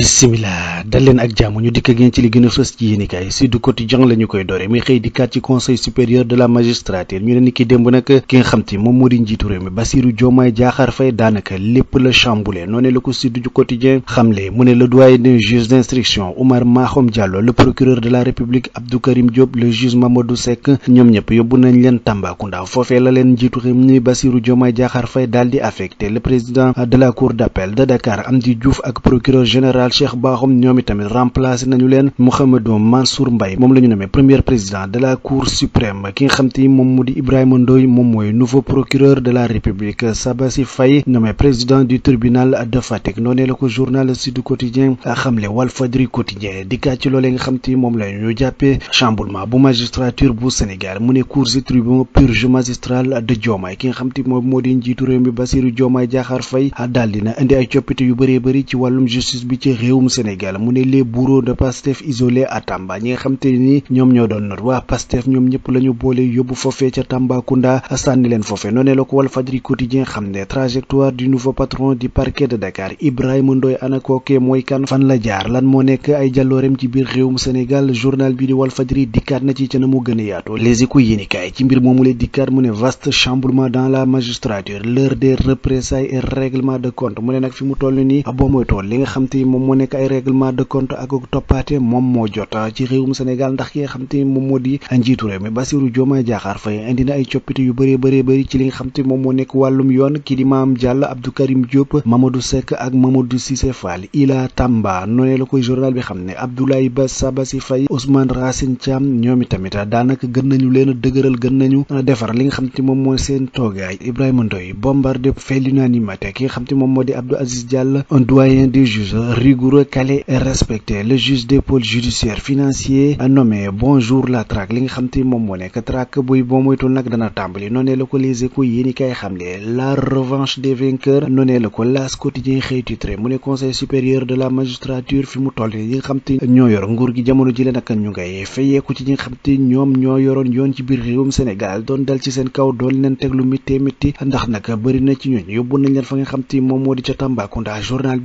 bisimilah. dal leen ak jàmm ñu dikk ngeen ci li gën a fës ci yéenikaay Sud Quotidien la ñu koy doore muy xëy di kaat ci conseil supérieur de la magistrature ñu ne ni démb nag ki nga moom moo di njiitu réew mi Bassirou Diomaye Diakhar Faye daanaka lépp la chamboulé noonee la ko Sud Quotidien xamle mu ne le doyen des juges d'instruction Oumar Mahom Diallo le procureur de la République Abdou Karim Diop le juge Mamadou Seck ñoom ñëpp yóbbu nañ leen Tambacounda foofee la leen njiitu réew mi Bassirou Diomaye Diakhar Faye daal di affecté le président de la cour d'appel de Dakar Amdi Diouf ñoom itamit remplacé nañu leen Mouhamadou Mansour Mbaye moom la ñu nommé premier président de la cour suprême ki nga xam te moom mu di Ibrahima Ndoye moom mooy nouveau procureur de la république Sabassi Faye nommé président du tribunal de Fatick noonee la ko journal Sud Quotidien xamle Walfadjri Quotidien dikkaat ci loolee nga xam te ni moom la ñu jàppee chamboulement bu magistrature bu Sénégal mu ne cour si tribunal purge magistral de Diomaye ki nga xam te moom moo di njiitu réew mi Bassirou Diomaye Diakhar Faye daal dina indi yu bëree bëri ci wàllum justice mu ne les bourreaux de Pastef isolés à Tamba ñi nga xam ni ñoom ñoo doon not waa Pastef ñoom ñëpp la boole yóbbu foofee ca Tambacounda sànni leen foofee noonee la ko Walf Fadjri quotidien xam ne trajectoire du nouveau patron du parquet de Dakar Ibrahima Ndoye ana mooy kan fan la jaar lan moo nekk ay jàllooreem ci biir réewum Sénégal journal bi di Walf Fadjri dikkaat na ci ca na mu gën a yaatoo les échos yéenikaay ci mbir moomu mu la magistrature l'heure de compte ak toppaate moom ki nga xam te ni moom moo di njiitu réew mi Bassirou Diomaye Diakhar Faye indi na ay coppite yu bëree bëree bëri ci li nga xam te moom moo nekk wàllum yoon kii di Maam Diallo Abdou Karim Diop Mamadou Seck ak Mamadou Cissé Fall Ila Tamba noonee la koy journal bi xam ne Abdoulaye Bassa Bassi Faye Ousmane Racine Thiam ñoom itamit daanaka gën nañu leen a dëgëral gën nañu defar li nga xam te moom mooy seen toogaay Ibrahima Ndoye bombardé fait l'unanimité ki nga xam te moom moo di Abdou Aziz Diallo un doyen des juges rigoureux respecté le juge des pôles judiciaire financier nommé bonjour la traque li nga xam te moom moo nekk traque buy boo moytul nag dana tàmbali noonee la ko les échos yéen i kay xam la revanche des vainqueurs noonee la ko las quotidien xëy titré mu ne conseil supérieur de la magistrature fi mu toll yi nga xam te ñoo yor nguur gi jamono ji la nag ñu ngay fayeeku ci ñi nga xam ñoom ñoo yoroon yoon ci biir réewum Sénégal doon dal ci seen kaw doon leen teg lu mittee mitti ndax na ci ñooñ moom moo di ca Tambacounda journal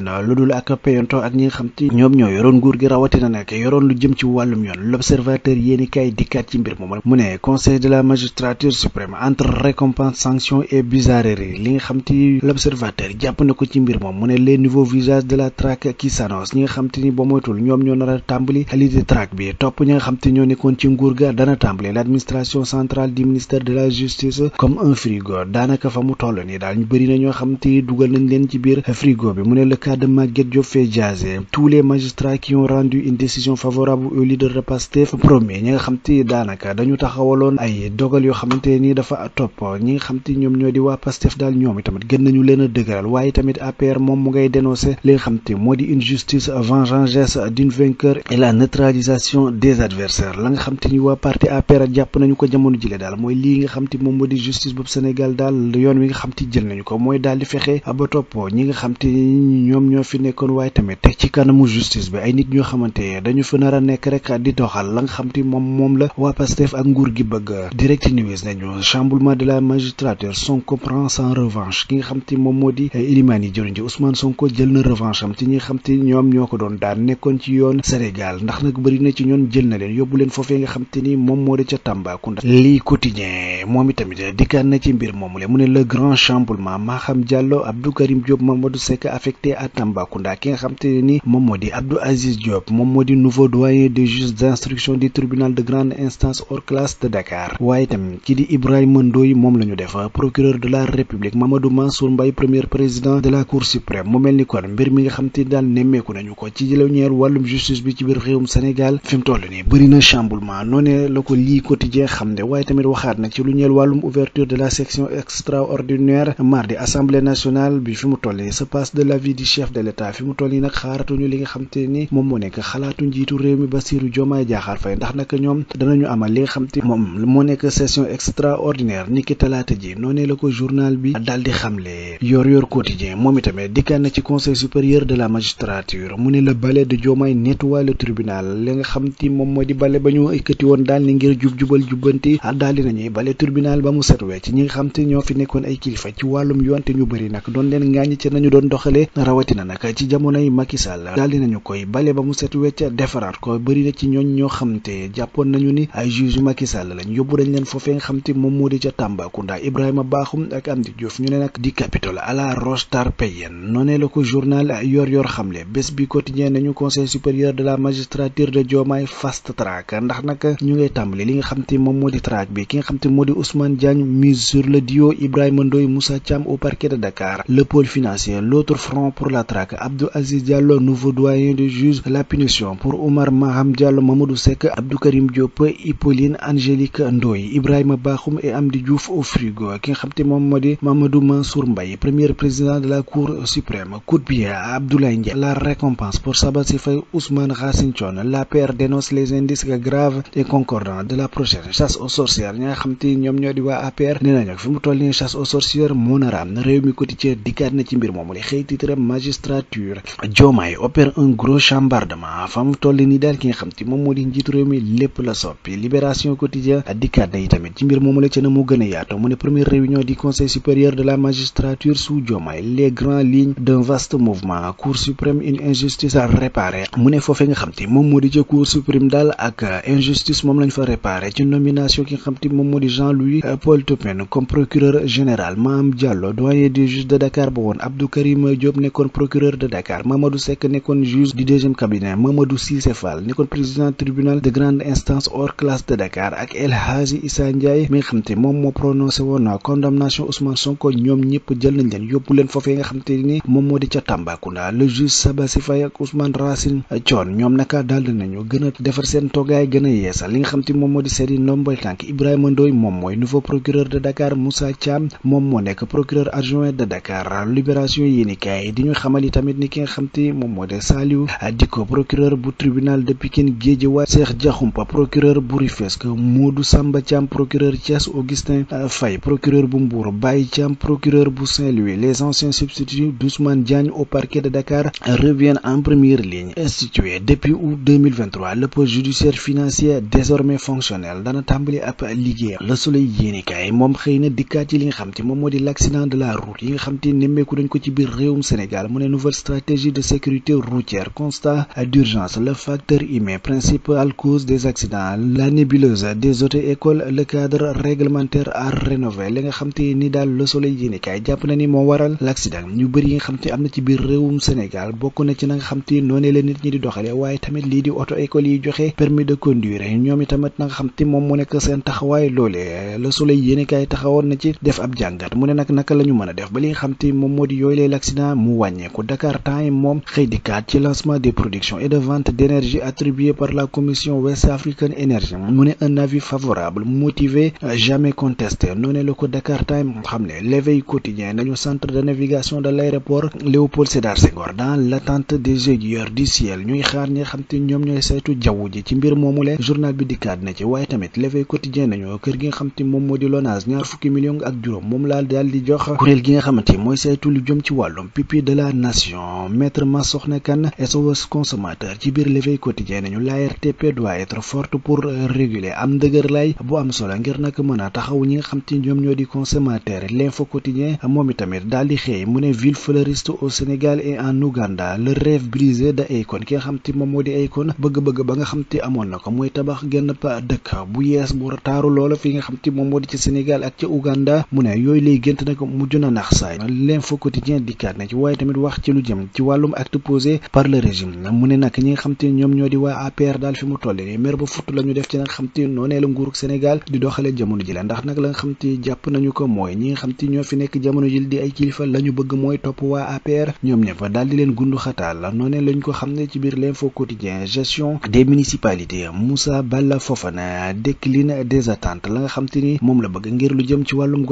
leen lu dul ak payonto ak ñi nga xam te ñoom ñoo yoroon nguur gi rawatina nag yoroon lu jëm ci wàllum yoon l'observateur yéeni kaay dikkaat ci mbir moom mu ne conseil de la magistrature entre récompense sanction et li nga xam te l'observateur jàpp na ko ci mbir moom mu ne les nouveaux visages de la traque qui s'annonce ñi nga xam te ni ba ñoom ñoo nar a tàmbali lii di topp ñi nga xam te ñoo nekkoon ci nguur ga dana tàmbali l'administration centrale du ministère de la justice comme un daanaka fa mu toll nii daal ñu bëri na ñoo xam te dugal nañ leen ci biir frigo bi mu ne cas de fait jaser tous les magistrats qui ont rendu une décision favorable au leader de Pastef premier ñi nga xam daanaka dañu taxawaloon ay dogal yoo xamante dafa topp ñi nga xam ñoom ñoo di waa Pastef daal ñoom itamit gën nañu leen a waaye tamit APR moom mu ngay dénoncer li nga moo di une justice vengeance d'une vainqueur et la neutralisation des adversaires la nga xam te ni waa parti APR jàpp nañu ko jamono ñoom ñoo fi nekkoon waaye tamit ci kanamu justice bi ay nit ñoo xamante dañu fa nar a nekk rek di doxal la nga xam moom moom la waa Pastef ak nguur gi bëgg direct news ñoom ñoo ko doon daan nekkoon ci yoon Sénégal ndax nag bëri ci ñoom jël na leen yóbbu leen foofee nga xam ni moom moo di ca Tambacounda lii quotidien moom itamit dikkaan na ci mbir moomu le mu ne le grand chamboulement Maham Diallo Abdou Karim Diop Mamadou Seck affecté à Tambacounda ki nga xam te ni moom moo di Abdou Aziz Diop moom moo di nouveau doyen des juges d'instruction du tribunal de grande instance hors classe de Dakar waaye tamit ki di Ibrahima Ndoye moom la ñu def procureur de la République Mamadou Mansour Mbaye premier président de la Cour suprême mu mel ni kon mbir mi nga xam te daal nemmeeku nañu ko ci jëlaw ñeel wàllum justice bi ci biir réewum Sénégal fi mu toll nii bëri na chamboulement noonee la ko lii xam ne waaye tamit waxaat nag ci lu ñeel wàllum ouverture de la section extraordinaire mardi assemblée nationale bi fi mu toll nii se chef de l'état fi mu toll yi nag xaaratuñu moom moo nekk xalaatu njiitu réew mi Bassirou Diomaye Diakhar Faye ndax nag ñoom danañu amal li nga xam te moom moo nekk session extraordinaire ni ki talaata ji noonee la ko journal bi daal di xamle yor yor quotidien moom itamit dikkaan na ci conseil supérieur de la magistrature mu ne le balai de Diomaye nettoie le tribunal li nga xam te moom moo di bale ba ñu yëkkati woon daal ni ngir jub jubal jubbanti daal di nañuy bale tribunal ba mu set wecc ñi nga xam te ñoo fi nekkoon ay kilifa ci wàllum yoon te ñu bëri nag doon leen ngaañi ci nañu doon doxalee rawati rawatina nag ci jamonoy Macky Sall daal dinañu koy bale ba mu set wecc defaraat ko bëri na ci ñooñ ñoo xam te jàppoon nañu ni ay juge yu Macky Sall lañ yóbbu dañ leen foofee nga xam moom moo di ca Tambacounda Ibrahima Bakhoum ak Amdi Diouf ñu ne nag di Capitole à la Rostar Payen noonee la ko journal yor yor xamle bés bi quotidien nañu conseil supérieur de la magistrature de Diomaye fast track ndax nag ñu ngay tàmbali li nga xam te moom moo di track bi ki nga xam te moo di Ousmane Diagne mise sur le duo Ibrahima Ndoye Moussa Thiam au parquet de Dakar le l'attraque Abdou Aziz Diallo nouveau doyen des juges la punition pour Oumar Maham Diallo Mamadou Seck Abdou Karim Diop Hippolyne Angélique Ndoye Ibrahima Bakhoum et Amdi Diouf au frigo ki nga moom moo di Mamadou Mansour premier président de la cour suprême coup de a à Abdoulaye Ndiaye la récompense pour Sabassy Faye Ousmane Racine Thione l'APR dénonce les indices graves et concordants de la prochaine chasse aux sorcières ñi nga ñoom ñoo di waa APR nee nañu fi mu toll nii a am magistrature Diomaye opère un gros chambardement fa mu toll ni daal ki nga xam te moom moo di njiitu réew mi lépp la soppi libération quotidien dikkaat na itamit ci mbir moomu la ci na mu gën a yaatu mu ne première réunion du conseil supérieur de la magistrature sous Diomaye les grandes lignes d'un vaste mouvement cour suprême une injustice à réparer mu ne foofee nga xam te moom moo di Jean-Louis Paul Topin comme procureur général Maham Diallo doyen des procureur de Dakar Mamadou Seck nekkoon juge du deuxième cabinet Mamadou Cissé Fall nekkoon président tribunal de grande instance hors classe de Dakar ak El Hadji Issa Ndiaye mi nga xam te moom moo prononcé woon na condamnation Ousmane Sonko ñoom ñëpp jël nañ leen yóbbu leen foofee nga xam te ni moom moo di ca Tambacounda le juge Sabassi Faye ak Ousmane Racine Thion ñoom naka daal dinañu gën a defar seen toggaay gën a yeesal li nga xam te moom moo di seet yi ndomboy moom mooy nouveau procureur de Dakar Moussa Thiam moom moo nekk procureur adjoint de Dakar libération yéeni kaay di ñu xamal yi tamit ni ki nga xam te moom moo de Saliou Dicko procureur bu tribunal de Pikine Guédiawaye Cheikh Diakhoumpa procureur bu Rufisque du Samba Thiam procureur Thiès Augustin fay procureur bu Mbour Baye Thiam procureur bu Saint-Louis les anciens substituts d'Ousmane Diagne au parquet de Dakar reviennent en première ligne institué depuis août 2023 le pôle judiciaire financier désormais fonctionnel dana tàmbali ab liggéey Le Soleil yéenekaay moom xëy na dikkaat yi li nga xam te moom moo di l'accident de la route yi nga xam te nemmeeku dañ ko ci biir réewum Sénégal mu ne nouvelle stratégie de sécurité routière constat d'urgence le facteur humain principale cause des accidents la nébuleuse des auto-écoles le cadre réglementaire à rénover li nga xam te ni daal le soleil yéenekaay jàpp na ni moo waral l'accident ñu bëri yi nga xam te am na ci biir réewum Sénégal bokk na ci na nga xam te noonee la nit ñi di doxale waaye tamit lii di auto-école yi joxe permis de conduire ñoom itamit na nga xam te moom mu nekk seen taxawaay loolee le soleil yéenekaay taxawoon na ci def ab jàngat mu ne nag naka la ñu mën a def ba li nga xam te moom moo di yooyu leel accident wàññeeku Dakar Time moom xëy dikkaat ci lancement des productions et de vente d'énergie attribuées par la commission West African Energy mu ne un avis favorable motivé jamais contesté noonu la ko Dakar Time xam ne l'éveil quotidien nañu centre de navigation de l'aéroport Léopold Sédar Senghor dans l'attente des aiguilleurs du ciel ñuy xaar ñi xam ñoom ñooy saytu jaww ji ci mbir moomule journal bi dikkaat na ci waaye tamit l'éveil quotidien nañu kër la nation maître Massokhna Kane SOS consommateur ci biir l'éveil quotidien nañu la RTP doit être forte pour réguler am ndëgër lay bu am solo ngir nag mën a taxaw ñi nga xam te ñoom ñoo di consommateur l'info quotidien moom itamit daal di xëy mu ne ville fleuriste au Sénégal et en Ouganda le rêve brisé de Akon ki nga xam te di Akon bëgg-bëgg ba nga xam te amoon na ko muy tabax genn pa dëkk bu yees bu taaru loola fi nga xam te moom moo di ci Sénégal ak ca Ouganda mu ne yooyu lay gént nag mujj na nax saay l'info quotidien dikkaat na ci waaye tamit wax ci lu jëm ci wàllum acte par le régime mu ne nag ñi nga xam ñoom ñoo di waa APR daal fi mu toll nii mer ba futt la def ci nga xam te noonee la Sénégal di doxalee jamono ji ndax nag la nga xam jàpp nañu ko mooy ñi nga xam te ñoo fi nekk jamono ji di ay kilifa la ñu bëgg mooy topp waa APR ñoom ñëpp daal di leen gundu la noonee lañ ko xam ne ci biir l'info quotidien gestion des municipalités Moussa Balla la nga xam te ni moom la bëgg ngir lu jëm ci wàllum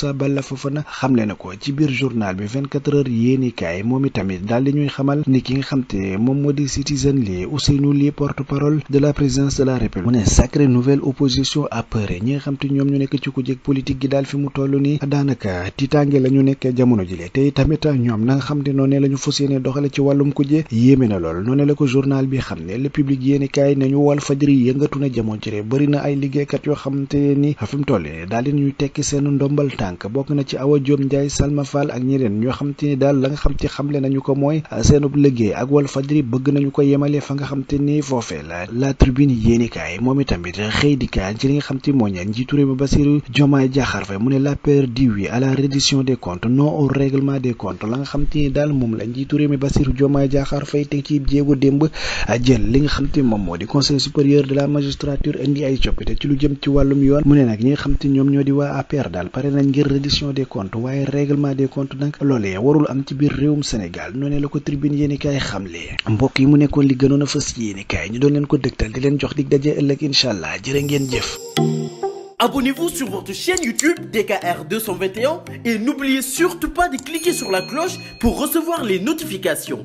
a Abdallah Fofana xamle na ko ci biir journal bi 24 heures yéenikaay moom itamit daal ñuy xamal ni ki nga xam moom moo Citizen li Ousseynou Ly porte-parole de la présidence de la République mu ne sacrée nouvelle opposition apeurée ñi nga ñoom ñu nekk ci kujje politique gi daal fi mu toll nii daanaka tiitaange la ñu nekkee jamono jile te tamit ñoom na nga xam te noonu doxale ci wàllum kujje yéeme na lool noonu la ko journal bi bokk na ci Awa Diop Ndiaye Salma Fall ak ñeneen ñoo xam te daal la nga xam te ko mooy seenub liggéey ak foofee la la tribune yéenikaay moom itamit xëy di kaay ci la paire di oui à la reddition des comptes non la nga xam moom li nga xam te moom moo di conseil supérieur de la magistrature indi ay coppite ci lu jëm ci wàllum yoon mu ne nag ñi nga ñoom ñoo di waa APR daal pare nañ ngir reddition reddition des waaye règlement des comptes nag loolee warul am ci biir réewum Sénégal noo la ko tribune yéeni xamle mbokk yi mu nekkoon li gënoon a fës yéeni ñu doon leen ko dëgtal di leen jox dig daje ëllëg incha allah ngeen jëf Abonnez-vous sur votre chaîne YouTube DKR et n'oubliez surtout pas de cliquer sur la cloche pour recevoir les notifications.